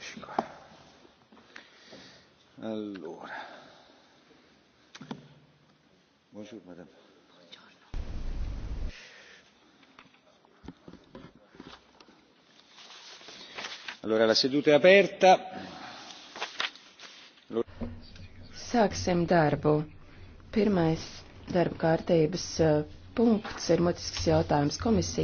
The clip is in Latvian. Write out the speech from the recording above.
verifica. Allora. Buongiorno, madame. Buongiorno. Allora, la seduta è aperta. Allora... Sāksim darbu. Pirmais darba kārtības eh, punkts ir motisks jautājums komisijai.